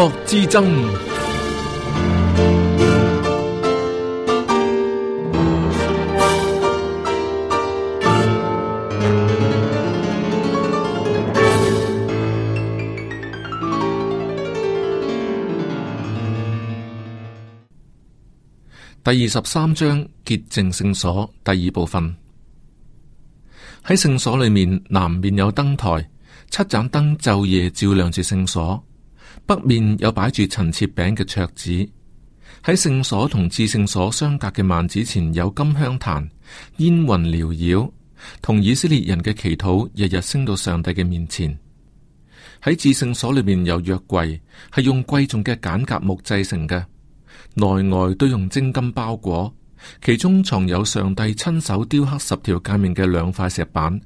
國之爭。第二十三章潔淨聖所。第二部分。喺聖所裏面，南面有燈台，七盞燈晝夜照亮住聖所。北面有擺住陳設餅嘅桌子，喺聖所同至聖所相隔嘅幔子前有金香壇，煙雲繚繞，同以色列人嘅祈禱日日升到上帝嘅面前。喺至聖所裏面有約櫃，係用貴重嘅簡夾木製成嘅，內外都用精金包裹，其中藏有上帝親手雕刻十條誡命嘅兩塊石板。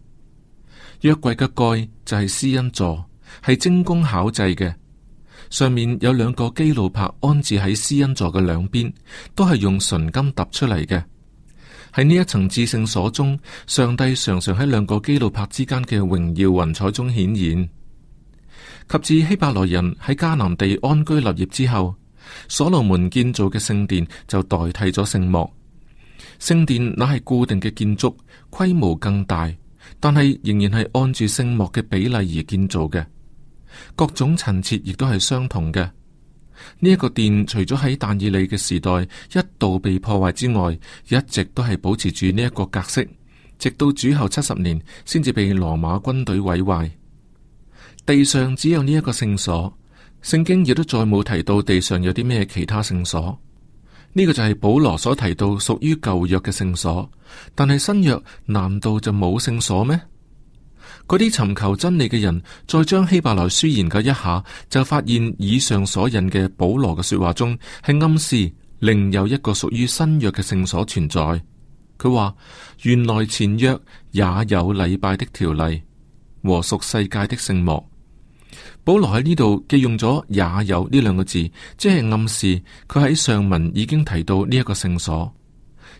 約櫃嘅蓋就係施恩座，係精工巧製嘅。上面有兩個基路柏安置喺施恩座嘅兩邊，都係用純金揼出嚟嘅。喺呢一層至聖所中，上帝常常喺兩個基路柏之間嘅榮耀雲彩中顯現。及至希伯來人喺迦南地安居立業之後，所羅門建造嘅聖殿就代替咗聖幕。聖殿乃係固定嘅建築，規模更大，但係仍然係按住聖幕嘅比例而建造嘅。各種陳設亦都係相同嘅。呢、這、一個殿除咗喺但以理嘅時代一度被破壞之外，一直都係保持住呢一個格式，直到主後七十年先至被羅馬軍隊毀壞。地上只有呢一個聖所，聖經亦都再冇提到地上有啲咩其他聖所。呢、這個就係保羅所提到屬於舊約嘅聖所，但係新約難道就冇聖所咩？嗰啲尋求真理嘅人，再將希伯來書研究一下，就發現以上所引嘅保羅嘅說話中，係暗示另有一個屬於新約嘅聖所存在。佢話，原來前約也有禮拜的條例和屬世界的聖幕。保羅喺呢度既用咗也有呢兩個字，即係暗示佢喺上文已經提到呢一個聖所，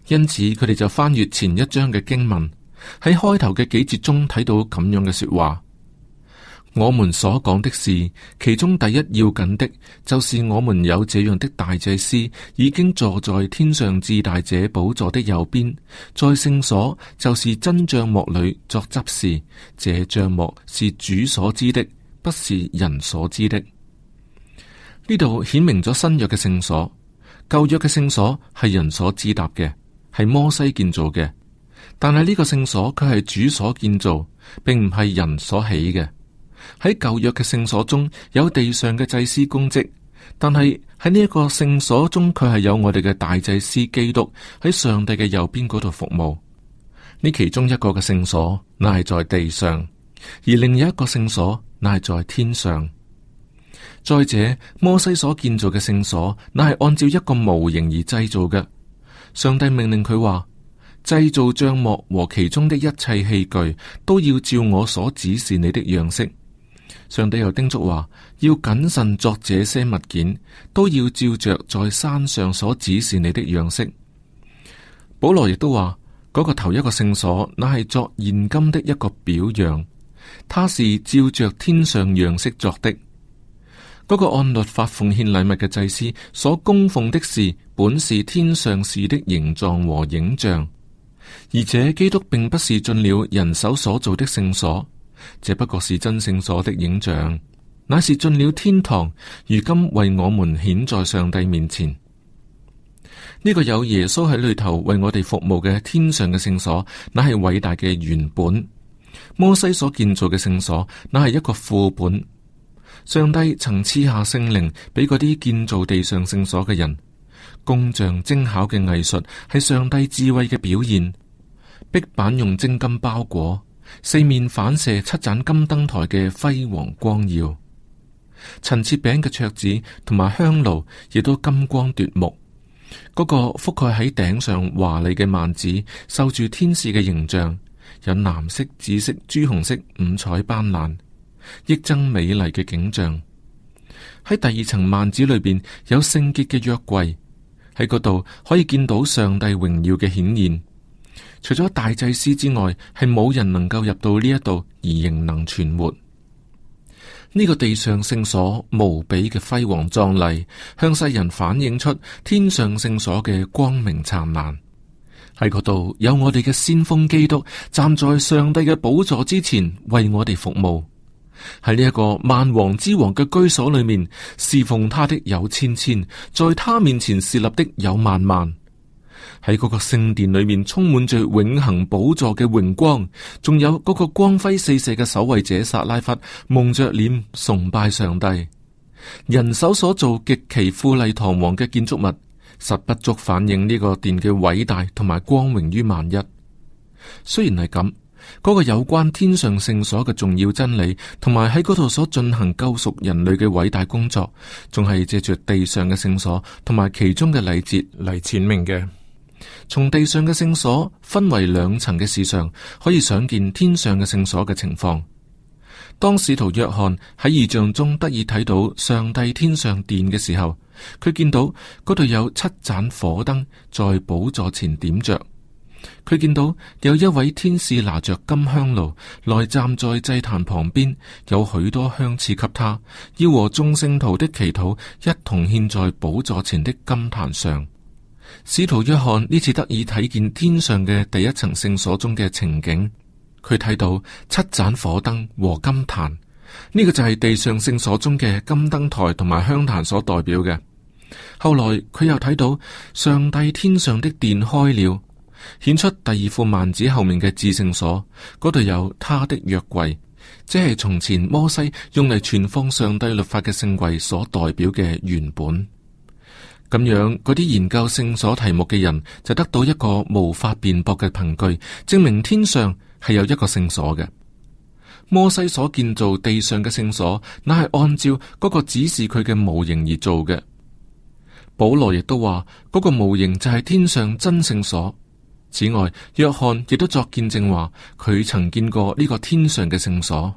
因此佢哋就翻閱前一章嘅經文。喺開頭嘅幾節中睇到咁樣嘅說話，我們所講的事，其中第一要緊的，就是我們有這樣的大祭司，已經坐在天上至大者寶座的右邊，在聖所就是真帳幕裏作執事，這帳幕是主所知的，不是人所知的。呢度顯明咗新約嘅聖所，舊約嘅聖所係人所支搭嘅，係摩西建造嘅。但係呢個聖所佢係主所建造，並唔係人所起嘅。喺舊約嘅聖所中有地上嘅祭司功績，但係喺呢一個聖所中佢係有我哋嘅大祭司基督喺上帝嘅右邊嗰度服務。呢其中一個嘅聖所乃係在地上，而另一一個聖所乃係在天上。再者，摩西所建造嘅聖所乃係按照一個模型而製造嘅。上帝命令佢話。製造帳幕和其中的一切器具，都要照我所指示你的樣式。上帝又叮囑話，要謹慎作這些物件，都要照着在山上所指示你的樣式。保羅亦都話，嗰、那個頭一個聖所，那係作現今的一個表樣，它是照着天上樣式作的。嗰、那個按律法奉獻禮物嘅祭司所供奉的事，本是天上事的形狀和影像。而且基督並不是進了人手所造的聖所，這不過是真聖所的影像，乃是進了天堂，如今為我們顯在上帝面前。呢、這個有耶穌喺裏頭為我哋服務嘅天上嘅聖所，乃係偉大嘅原本。摩西所建造嘅聖所，乃係一個副本。上帝曾賜下聖靈俾嗰啲建造地上聖所嘅人，工匠精巧嘅藝術係上帝智慧嘅表現。壁板用精金包裹，四面反射七盞金燈臺嘅輝煌光耀。陳設餅嘅桌子同埋香爐亦都金光奪目。嗰、那個覆蓋喺頂上華麗嘅幔子，繡住天使嘅形象，有藍色、紫色、朱紅色五彩斑斕，益增美麗嘅景象。喺第二層幔子裏邊，有聖潔嘅約櫃，喺嗰度可以見到上帝榮耀嘅顯現。除咗大祭司之外，係冇人能夠入到呢一度而仍能存活。呢、這個地上聖所無比嘅輝煌壯麗，向世人反映出天上聖所嘅光明燦爛。喺嗰度有我哋嘅先鋒基督站在上帝嘅寶座之前為我哋服務。喺呢一個萬王之王嘅居所裏面侍奉他的有千千，在他面前侍立的有萬萬。喺嗰個聖殿裏面，充滿着永恒寶座嘅榮光，仲有嗰個光輝四射嘅守衛者薩拉夫，蒙着臉崇拜上帝。人手所造極其富麗堂皇嘅建築物，實不足反映呢個殿嘅偉大同埋光榮於萬一。雖然係咁，嗰、那個有關天上聖所嘅重要真理，同埋喺嗰度所進行救贖人類嘅偉大工作，仲係借住地上嘅聖所同埋其中嘅禮節嚟闡明嘅。從地上嘅聖所分為兩層嘅事上，可以想見天上嘅聖所嘅情況。當使徒約翰喺異象中得以睇到上帝天上殿嘅時候，佢見到嗰度有七盞火燈在寶座前點着。佢見到有一位天使拿着金香爐，內站在祭壇旁邊，有許多香賜給他，要和眾聖徒的祈禱一同獻在寶座前的金壇上。使徒約翰呢次得以睇見天上嘅第一層聖所中嘅情景，佢睇到七盞火燈和金壇，呢、這個就係地上聖所中嘅金燈台同埋香壇所代表嘅。後來佢又睇到上帝天上的殿開了，顯出第二副幔子後面嘅至聖所，嗰度有他的約櫃，即係從前摩西用嚟存放上帝律法嘅聖櫃所代表嘅原本。咁樣，嗰啲研究聖所題目嘅人就得到一個無法辯駁嘅憑據，證明天上係有一個聖所嘅。摩西所建造地上嘅聖所，乃係按照嗰個指示佢嘅模型而做嘅。保羅亦都話嗰、那個模型就係天上真聖所。此外，約翰亦都作見證話，佢曾見過呢個天上嘅聖所。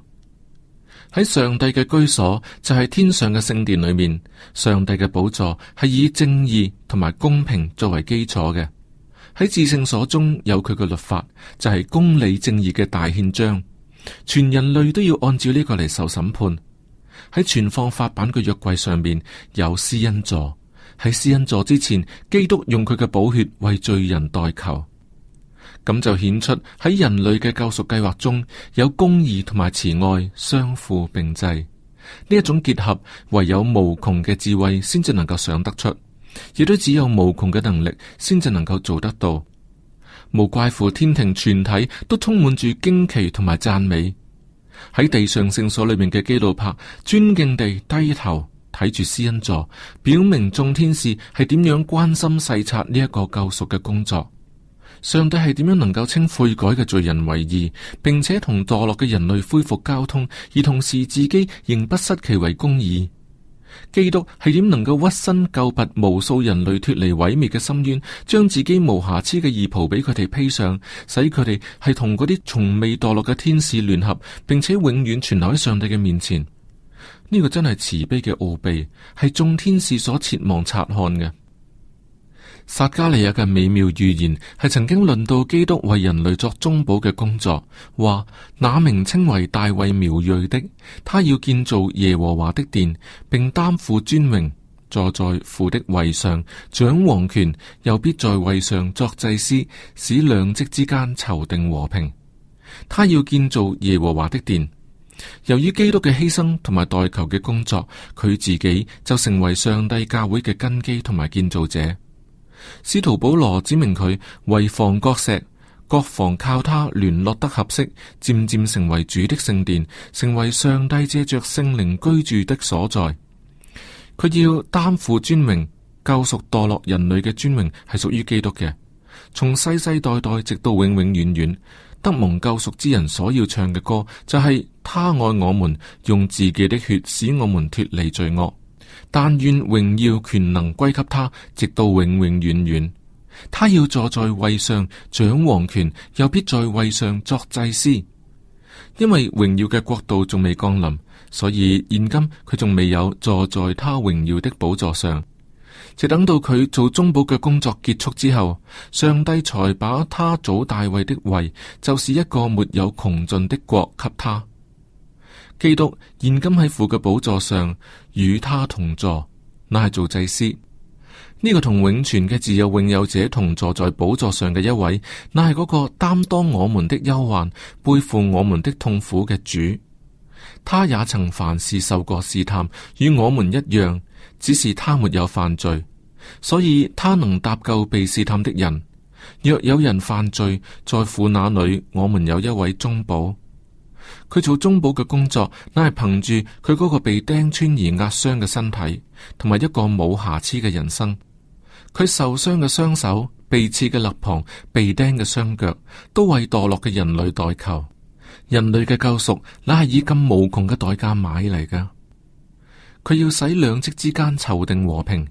喺上帝嘅居所就係天上嘅聖殿裏面，上帝嘅寶座係以正義同埋公平作為基礎嘅。喺至聖所中有佢嘅律法，就係公理正義嘅大憲章，全人類都要按照呢個嚟受審判。喺存放法版嘅約櫃上面有施恩座，喺施恩座之前，基督用佢嘅寶血為罪人代求。咁就顯出喺人類嘅救贖計劃中有公義同埋慈愛相輔並濟，呢一種結合唯有無窮嘅智慧先至能夠想得出，亦都只有無窮嘅能力先至能夠做得到。無怪乎天庭全體都充滿住驚奇同埋讚美。喺地上聖所裏面嘅基路柏尊敬地低頭睇住施恩座，表明眾天使係點樣關心細察，呢一個救贖嘅工作。上帝係點樣能夠稱悔改嘅罪人為義，並且同墮落嘅人類恢復交通，而同時自己仍不失其為公義？基督係點能夠屈身救拔無數人類脫離毀滅嘅深淵，將自己無瑕疵嘅義袍俾佢哋披上，使佢哋係同嗰啲從未墮落嘅天使聯合，並且永遠存留喺上帝嘅面前？呢個真係慈悲嘅奧秘，係眾天使所切望察看嘅。撒加利亞嘅美妙預言係曾經論到基督為人類作中保嘅工作，話，那名稱為大衛苗裔的，他要建造耶和華的殿，並擔負尊榮，坐在父的位上，掌王權，又必在位上作祭司，使兩職之間籌定和平。他要建造耶和華的殿。由於基督嘅犧牲同埋代求嘅工作，佢自己就成為上帝教會嘅根基同埋建造者。使徒保羅指明佢為房角石，各房靠他聯絡得合適，漸漸成為主的聖殿，成為上帝借着聖靈居住的所在。佢要擔負尊榮，救贖墮落人類嘅尊榮係屬於基督嘅，從世世代代直到永永遠遠。得蒙救贖之人所要唱嘅歌就係他愛我們，用自己的血使我們脫離罪惡。但願榮耀權能歸給他，直到永永遠遠。他要坐在位上掌王權，又必在位上作祭司。因為榮耀嘅國度仲未降臨，所以現今佢仲未有坐在他榮耀的寶座上。直等到佢做中保嘅工作結束之後，上帝才把他祖大衛的位，就是一個沒有窮盡的國給他。基督現今喺父嘅寶座上與他同坐，乃係做祭司。呢、這個同永存嘅自有永有者同坐在寶座上嘅一位，乃係嗰個擔當我們的憂患、背負我們的痛苦嘅主。他也曾凡事受過試探，與我們一樣，只是他沒有犯罪，所以他能搭救被試探的人。若有人犯罪，在父那裏，我們有一位中保。佢做中保嘅工作，乃係憑住佢嗰個被釘穿而壓傷嘅身體，同埋一個冇瑕疵嘅人生。佢受傷嘅雙手、被刺嘅肋旁、被釘嘅雙腳，都為墮落嘅人類代求，人類嘅救贖，乃係以咁無窮嘅代價買嚟噶。佢要使兩職之間籌定和平，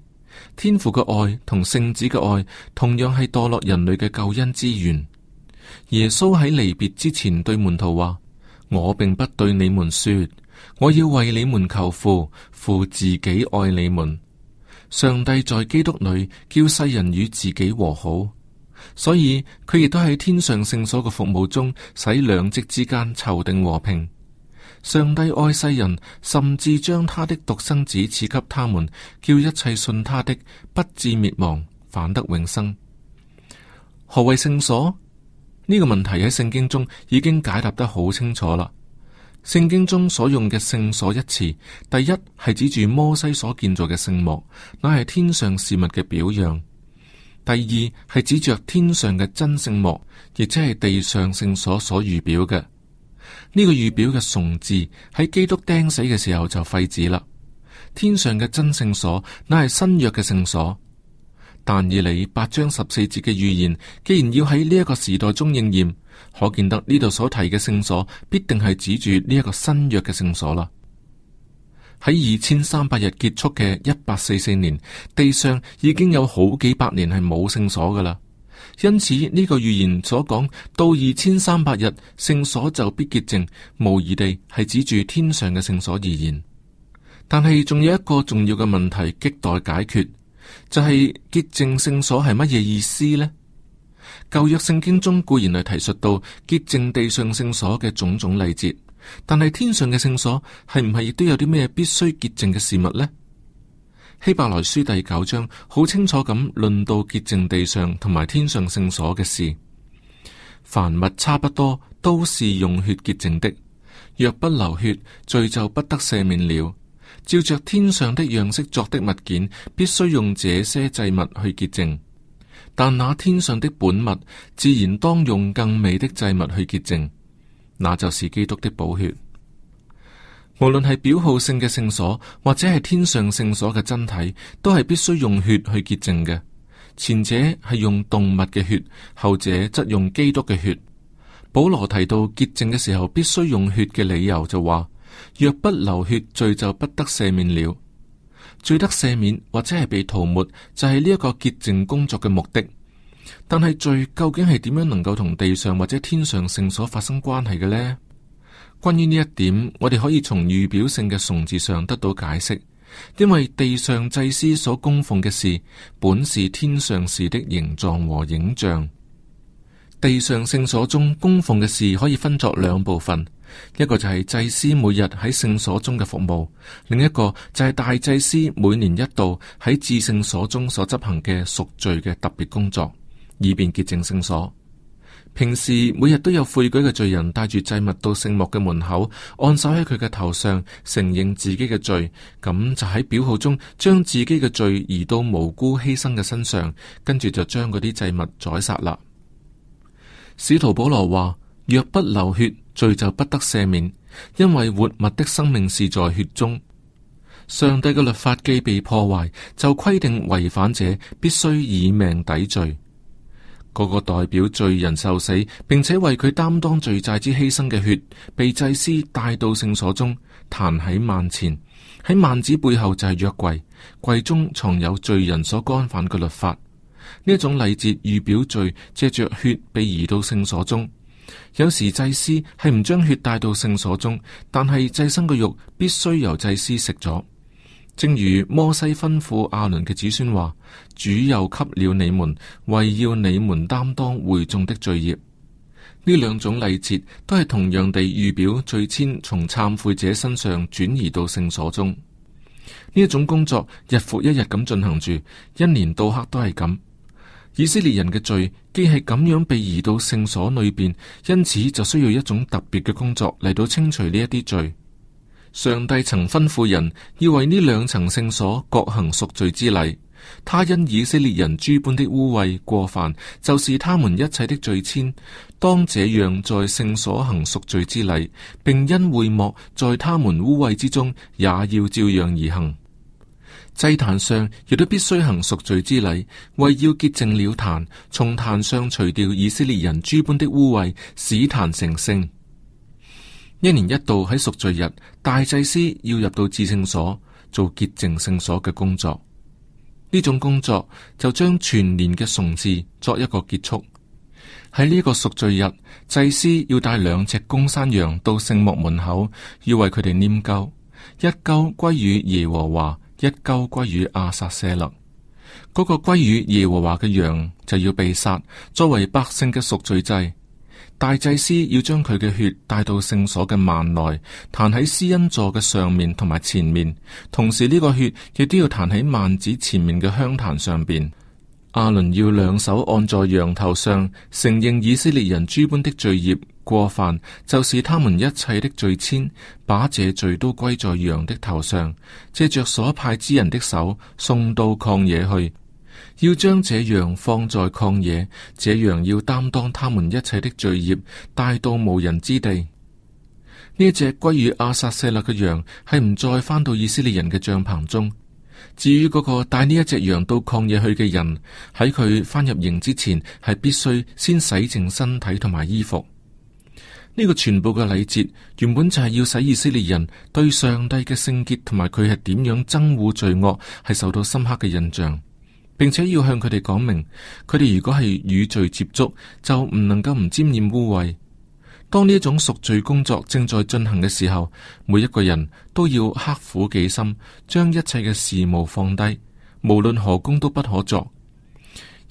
天父嘅愛，愛同聖子嘅愛，同樣係墮落人類嘅救恩之源。耶穌喺離別之前對門徒話。我並不對你們說，我要為你們求父，父自己愛你們。上帝在基督裏叫世人與自己和好，所以佢亦都喺天上聖所嘅服務中，使兩職之間籌定和平。上帝愛世人，甚至將他的獨生子賜給他們，叫一切信他的不致滅亡，反得永生。何謂聖所？呢個問題喺聖經中已經解答得好清楚啦。聖經中所用嘅聖所一詞，第一係指住摩西所建造嘅聖幕，乃係天上事物嘅表樣；第二係指著天上嘅真聖幕，亦即係地上聖所所預表嘅。呢個預表嘅崇字喺基督釘死嘅時候就廢止啦。天上嘅真聖所，乃係新約嘅聖所。但以理八章十四節嘅預言，既然要喺呢一個時代中應驗，可見得呢度所提嘅聖所必定係指住呢一個新約嘅聖所啦。喺二千三百日結束嘅一八四四年，地上已經有好幾百年係冇聖所噶啦。因此呢個預言所講到二千三百日聖所就必潔淨，無疑地係指住天上嘅聖所而言。但係仲有一個重要嘅問題亟待解決。就係潔淨聖所係乜嘢意思呢？舊約聖經中固然係提述到潔淨地上聖所嘅種種禮節，但係天上嘅聖所係唔係亦都有啲咩必須潔淨嘅事物呢？希伯來書第九章好清楚咁論到潔淨地上同埋天上聖所嘅事。凡物差不多都是用血潔淨的，若不流血，罪就不得赦免了。照着天上的樣式作的物件，必須用這些祭物去潔淨；但那天上的本物，自然當用更美的祭物去潔淨。那就是基督的寶血。無論係表號性嘅聖所，或者係天上聖所嘅真體，都係必須用血去潔淨嘅。前者係用動物嘅血，後者則用基督嘅血。保羅提到潔淨嘅時候必須用血嘅理由就話：若不流血，罪就不得赦免了。罪得赦免或者係被塗抹，就係呢一個潔淨工作嘅目的。但係罪究竟係點樣能夠同地上或者天上聖所發生關係嘅呢？關於呢一點，我哋可以從預表性嘅崇字上得到解釋，因為地上祭司所供奉嘅事本是天上事的形狀和影像。地上聖所中供奉嘅事可以分作兩部分。一個就係祭司每日喺聖所中嘅服務，另一個就係大祭司每年一度喺至聖所中所執行嘅贖罪嘅特別工作，以便潔淨聖所。平時每日都有悔改嘅罪人帶住祭物到聖幕嘅門口，按手喺佢嘅頭上，承認自己嘅罪，咁就喺表號中將自己嘅罪移到無辜犧牲嘅身上，跟住就將嗰啲祭物宰殺啦。使徒保羅話：若不流血。罪就不得赦免，因為活物的生命是在血中。上帝嘅律法既被破壞，就規定違反者必須以命抵罪。個個代表罪人受死，並且為佢擔當罪債之犧牲嘅血，被祭司帶到聖所中，彈喺幔前，喺幔子背後就係約櫃，櫃中藏有罪人所干犯嘅律法。呢一種禮節預表罪藉着血被移到聖所中。有時祭司係唔將血帶到聖所中，但係祭牲嘅肉必須由祭司食咗。正如摩西吩咐亞倫嘅子孫話：主又給了你們，為要你們擔當會眾的罪孽。呢兩種禮節都係同樣地預表罪愆從懺悔者身上轉移到聖所中。呢一種工作日復一日咁進行住，一年到黑都係咁。以色列人嘅罪既係咁樣被移到聖所裏邊，因此就需要一種特別嘅工作嚟到清除呢一啲罪。上帝曾吩咐人要為呢兩層聖所各行贖罪之禮。他因以色列人諸般的污穢過犯，就是他們一切的罪愆，當這樣在聖所行贖罪之禮，並因會幕在他們污穢之中，也要照樣而行。祭壇上亦都必須行贖罪之禮，為要潔淨了壇，從壇上除掉以色列人諸般的污穢，使壇成聖。一年一度喺贖罪日，大祭司要入到至聖所做潔淨聖所嘅工作。呢種工作就將全年嘅崇志作一個結束。喺呢個贖罪日，祭司要帶兩隻公山羊到聖幕門口，要為佢哋拈鬮，一鬮歸於耶和華。一羔歸於亞撒舍勒，嗰、那個歸於耶和華嘅羊就要被殺，作為百姓嘅贖罪祭。大祭司要將佢嘅血帶到聖所嘅幔內，彈喺施恩座嘅上面同埋前面，同時呢個血亦都要彈喺幔子前面嘅香壇上邊。阿倫要兩手按在羊頭上，承認以色列人諸般的罪孽過犯，就是他們一切的罪愆，把這罪都歸在羊的頭上，借着所派之人的手送到曠野去，要將這羊放在曠野，這羊要擔當他們一切的罪孽，帶到無人之地。呢隻歸於阿撒西勒嘅羊係唔再返到以色列人嘅帳篷中。至於嗰個帶呢一隻羊到曠野去嘅人，喺佢返入營之前，係必須先洗淨身體同埋衣服。呢、這個全部嘅禮節，原本就係要使以色列人對上帝嘅聖潔同埋佢係點樣憎惡罪惡，係受到深刻嘅印象，並且要向佢哋講明，佢哋如果係與罪接觸，就唔能夠唔沾染污穢。當呢種贖罪工作正在進行嘅時候，每一個人都要刻苦己心，將一切嘅事務放低，無論何工都不可作。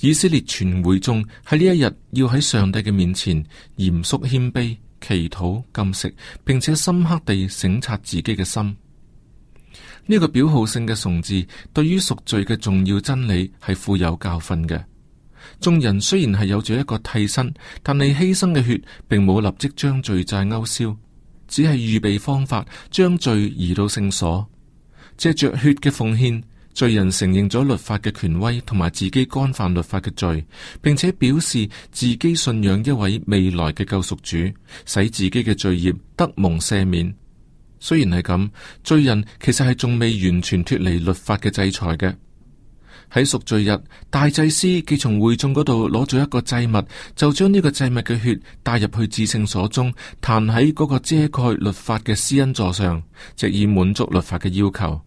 以色列全會眾喺呢一日要喺上帝嘅面前嚴肅謙卑，祈禱禁食，並且深刻地省察自己嘅心。呢個表號性嘅崇祀，對於贖罪嘅重要真理係富有教訓嘅。眾人雖然係有住一個替身，但係犧牲嘅血並冇立即將罪債勾銷，只係預備方法將罪移到聖所，借着血嘅奉獻，罪人承認咗律法嘅權威同埋自己干犯律法嘅罪，並且表示自己信仰一位未來嘅救贖主，使自己嘅罪孽得蒙赦免。雖然係咁，罪人其實係仲未完全脫離律法嘅制裁嘅。喺贖罪日，大祭司既從會眾嗰度攞咗一個祭物，就將呢個祭物嘅血帶入去至聖所中，彈喺嗰個遮蓋律法嘅施恩座上，藉以滿足律法嘅要求。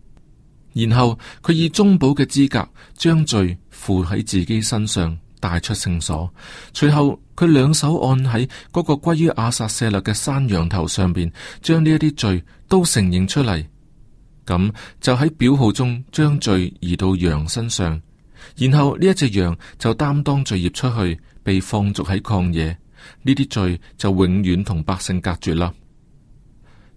然後佢以中保嘅資格將罪附喺自己身上，帶出聖所。隨後佢兩手按喺嗰個歸於阿撒舍勒嘅山羊頭上邊，將呢一啲罪都承認出嚟。咁就喺表號中將罪移到羊身上，然後呢一隻羊就擔當罪孽出去，被放逐喺曠野，呢啲罪就永遠同百姓隔絕啦。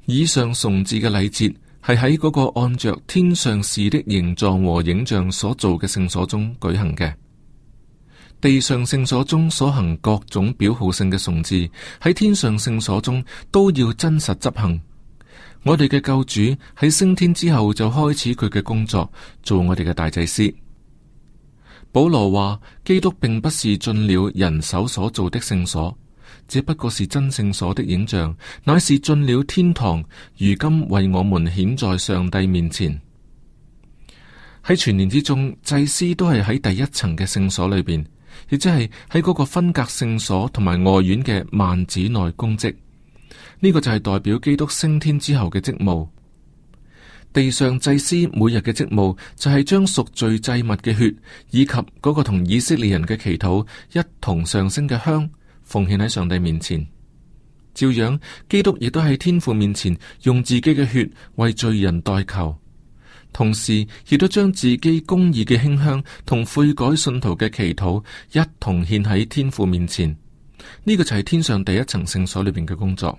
以上崇治嘅禮節係喺嗰個按着天上事的形狀和影像所做嘅聖所中舉行嘅，地上聖所中所行各種表號性嘅崇治喺天上聖所中都要真實執行。我哋嘅救主喺升天之後就開始佢嘅工作，做我哋嘅大祭司。保羅話：基督並不是進了人手所造的聖所，只不過是真聖所的影像，乃是進了天堂，如今為我們顯在上帝面前。喺全年之中，祭司都係喺第一層嘅聖所裏邊，亦即係喺嗰個分隔聖所同埋外院嘅幔子內供職。呢個就係代表基督升天之後嘅職務。地上祭司每日嘅職務就係將贖罪祭物嘅血，以及嗰個同以色列人嘅祈禱，一同上升嘅香，奉獻喺上帝面前。照樣，基督亦都喺天父面前用自己嘅血為罪人代求，同時亦都將自己公義嘅馨香同悔改信徒嘅祈禱一同獻喺天父面前。呢個就係天上第一層聖所裏邊嘅工作。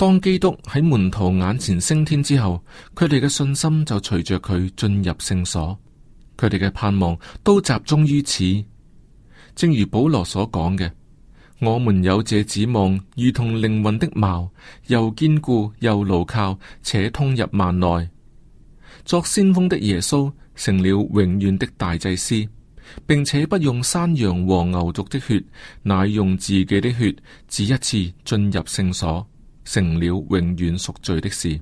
當基督喺門徒眼前升天之後，佢哋嘅信心就隨着佢進入聖所，佢哋嘅盼望都集中於此。正如保羅所講嘅，我們有這指望，如同靈魂的錨，又堅固又牢靠，且通入幔內。作先鋒的耶穌成了永遠的大祭司，並且不用山羊和牛犢的血，乃用自己的血，只一次進入聖所。成了永遠贖罪的事。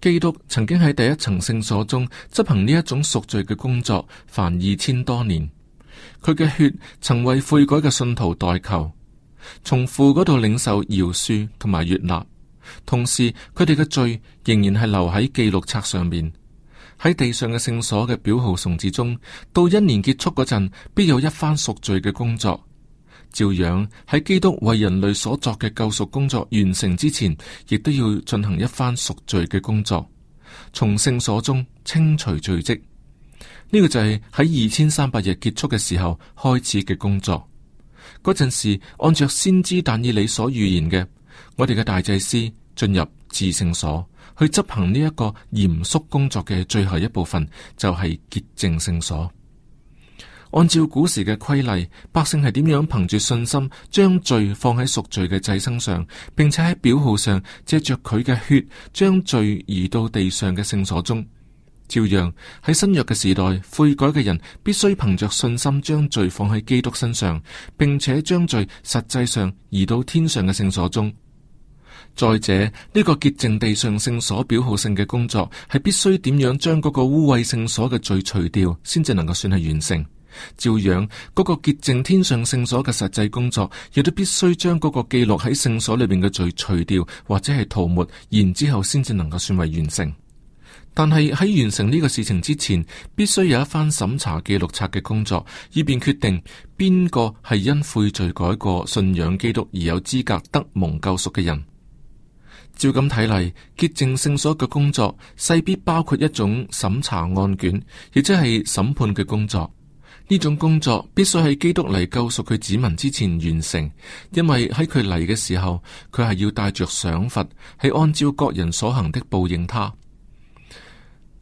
基督曾經喺第一層聖所中執行呢一種贖罪嘅工作，凡二千多年，佢嘅血，曾為悔改嘅信徒代求，從父嗰度領受饒恕同埋悅納。同時，佢哋嘅罪仍然係留喺記錄冊上面，喺地上嘅聖所嘅表號崇事中。到一年結束嗰陣，必有一番贖罪嘅工作。照樣喺基督為人類所作嘅救贖工作完成之前，亦都要進行一番贖罪嘅工作，從聖所中清除罪跡。呢、這個就係喺二千三百日結束嘅時候開始嘅工作。嗰陣時，按照先知但以理所預言嘅，我哋嘅大祭司進入至聖所去執行呢一個嚴肅工作嘅最後一部分，就係、是、潔淨聖所。按照古時嘅規例，百姓係點樣憑住信心將罪放喺贖罪嘅祭牲上，並且喺表號上借着佢嘅血將罪移到地上嘅聖所中？照樣喺新約嘅時代，悔改嘅人必須憑着信心將罪放喺基督身上，並且將罪實際上移到天上嘅聖所中。再者，呢個潔淨地上聖所表號性嘅工作係必須點樣將嗰個污穢聖所嘅罪除掉，先至能夠算係完成。照樣，嗰個潔淨天上聖所嘅實際工作，亦都必須將嗰個記錄喺聖所裏邊嘅罪除掉或者係塗抹，然之後先至能夠算為完成。但係喺完成呢個事情之前，必須有一番審查記錄冊嘅工作，以便決定邊個係因悔罪改過、信仰基督而有資格得蒙救贖嘅人。照咁睇嚟，潔淨聖所嘅工作勢必包括一種審查案卷，亦即係審判嘅工作。呢種工作必須喺基督嚟救贖佢子民之前完成，因為喺佢嚟嘅時候，佢係要帶着想法，係按照各人所行的報應他。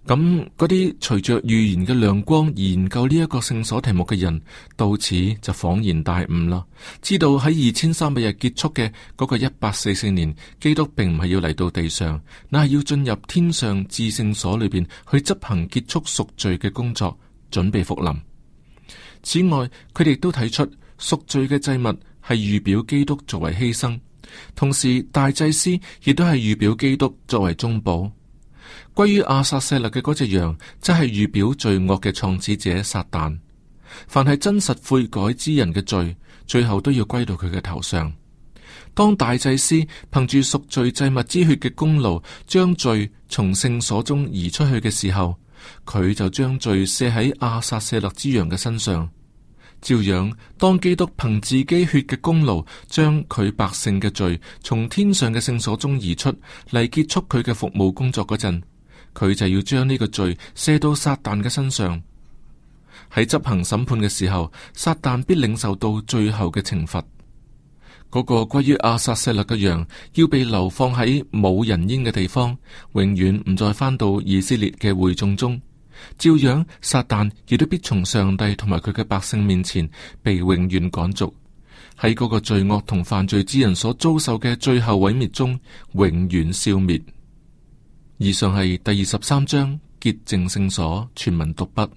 咁嗰啲隨着預言嘅亮光研究呢一個聖所題目嘅人，到此就恍然大悟啦。知道喺二千三百日結束嘅嗰個一八四四年，基督並唔係要嚟到地上，那係要進入天上至聖所裏邊去執行結束贖罪嘅工作，準備復臨。此外，佢哋亦都睇出贖罪嘅祭物係預表基督作為犧牲，同時大祭司亦都係預表基督作為中保。歸於阿薩西勒嘅嗰隻羊，即係預表罪惡嘅創始者撒但。凡係真實悔改之人嘅罪，最後都要歸到佢嘅頭上。當大祭司憑住贖罪祭物之血嘅功勞，將罪從聖所中移出去嘅時候，佢就將罪卸喺阿撒舍勒之羊嘅身上，照樣當基督憑自己血嘅功勞將佢百姓嘅罪從天上嘅聖所中移出嚟結束佢嘅服務工作嗰陣，佢就要將呢個罪卸到撒旦嘅身上。喺執行審判嘅時候，撒旦必領受到最後嘅懲罰。嗰個歸於阿撒西勒嘅羊，要被流放喺冇人煙嘅地方，永遠唔再翻到以色列嘅會眾中。照樣，撒旦亦都必從上帝同埋佢嘅百姓面前，被永遠趕逐。喺嗰個罪惡同犯罪之人所遭受嘅最後毀滅中，永遠消滅。以上係第二十三章潔淨聖所，全文讀畢。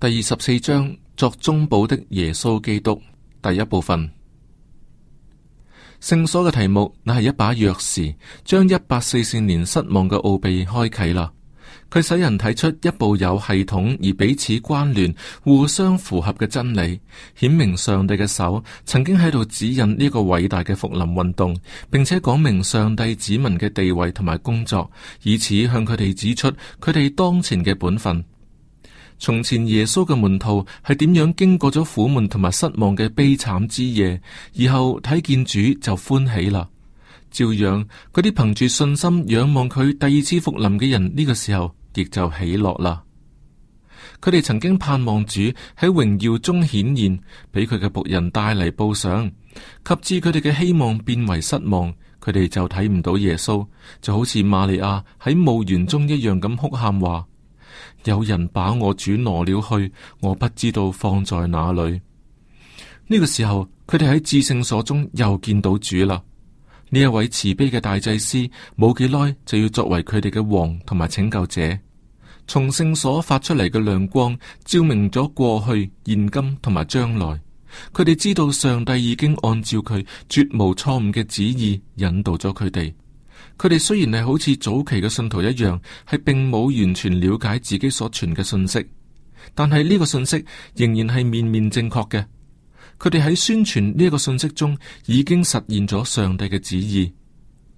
第二十四章作中保的耶穌基督，第一部分。聖所嘅題目乃係一把鑰匙，將一八四四年失望嘅奧秘開啟啦。佢使人睇出一部有系統而彼此關聯、互相符合嘅真理，顯明上帝嘅手曾經喺度指引呢個偉大嘅復臨運動，並且講明上帝子民嘅地位同埋工作，以此向佢哋指出佢哋當前嘅本分。從前耶穌嘅門徒係點樣經過咗苦悶同埋失望嘅悲慘之夜，以後睇見主就歡喜啦。照樣，佢哋憑住信心仰望佢第二次復臨嘅人，呢個時候亦就喜樂啦。佢哋曾經盼望主喺榮耀中顯現，俾佢嘅僕人帶嚟報賞，及至佢哋嘅希望變為失望，佢哋就睇唔到耶穌，就好似瑪利亞喺墓園中一樣咁哭喊話。有人把我主挪了去，我不知道放在哪裏。呢、這個時候，佢哋喺至聖所中又見到主啦。呢一位慈悲嘅大祭司，冇幾耐就要作為佢哋嘅王同埋拯救者。從聖所發出嚟嘅亮光，照明咗過去、現今同埋將來。佢哋知道上帝已經按照佢絕無錯誤嘅旨意，引導咗佢哋。佢哋雖然係好似早期嘅信徒一樣，係並冇完全了解自己所傳嘅信息，但係呢個信息仍然係面面正確嘅。佢哋喺宣傳呢一個信息中，已經實現咗上帝嘅旨意。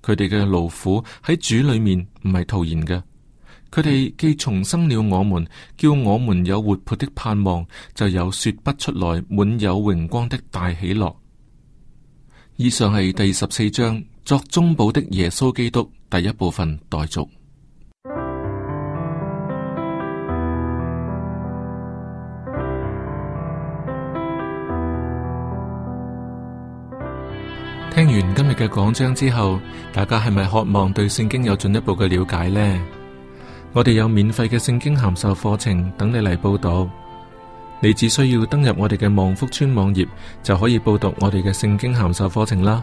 佢哋嘅勞苦喺主裏面唔係徒然嘅。佢哋既重生了我們，叫我們有活潑的盼望，就有說不出來滿有榮光的大喜樂。以上係第十四章。作中保的耶穌基督，第一部分代贖。聽完今日嘅講章之後，大家係咪渴望對聖經有進一步嘅了解呢？我哋有免費嘅聖經函授課程等你嚟報讀。你只需要登入我哋嘅望福村網頁，就可以報讀我哋嘅聖經函授課程啦。